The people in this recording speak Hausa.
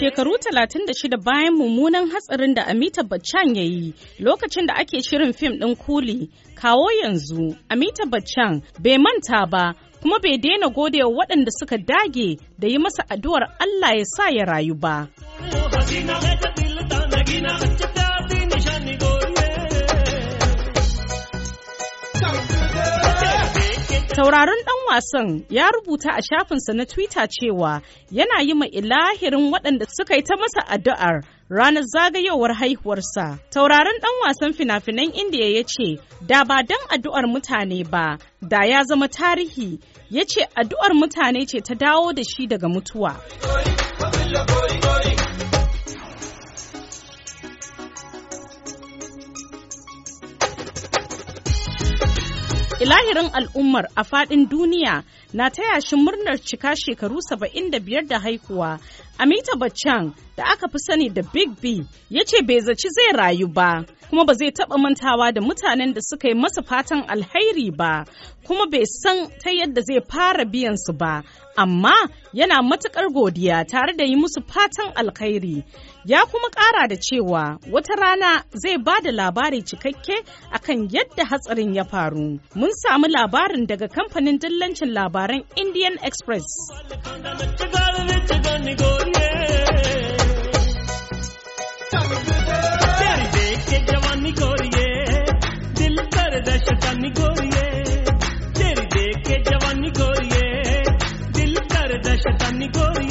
Shekaru talatin da shida bayan mummunan hatsarin da Amita Bachchan ya yi lokacin da ake shirin fim ɗin kuli, kawo yanzu Amita Bachchan bai manta ba kuma bai daina godewa waɗanda suka dage da yi masa addu'ar Allah ya sa ya rayu ba. Tauraron ɗan wasan ya rubuta a shafinsa na Twitter cewa yana yi ma ilahirin waɗanda suka yi ta masa addu'ar ranar zagayowar haihuwarsa. Tauraron ɗan wasan fina-finan Indiya ya ce, da ba don addu'ar mutane ba, da ya zama tarihi, ya ce addu'ar mutane ce ta dawo da shi daga mutuwa. Ilahirin al'ummar a faɗin duniya na ta yashin murnar cika shekaru 75 da haikuwa Amita Bachchan da aka fi sani da Big B ya ce bai zaci zai rayu ba, kuma ba zai taɓa mantawa da mutanen da suka yi masa fatan alhairi ba, kuma bai san ta yadda zai fara biyan su ba, amma yana matukar godiya tare da yi musu fatan alheri. Ya kuma ƙara da cewa wata rana zai ba da labari cikakke akan yadda hatsarin ya faru. Mun samu labarin daga kamfanin dillancin labaran Indian Express. शैतानी गोरिए तेरी देख के जवानी गोरिए दिल कर शैतानी गोरिए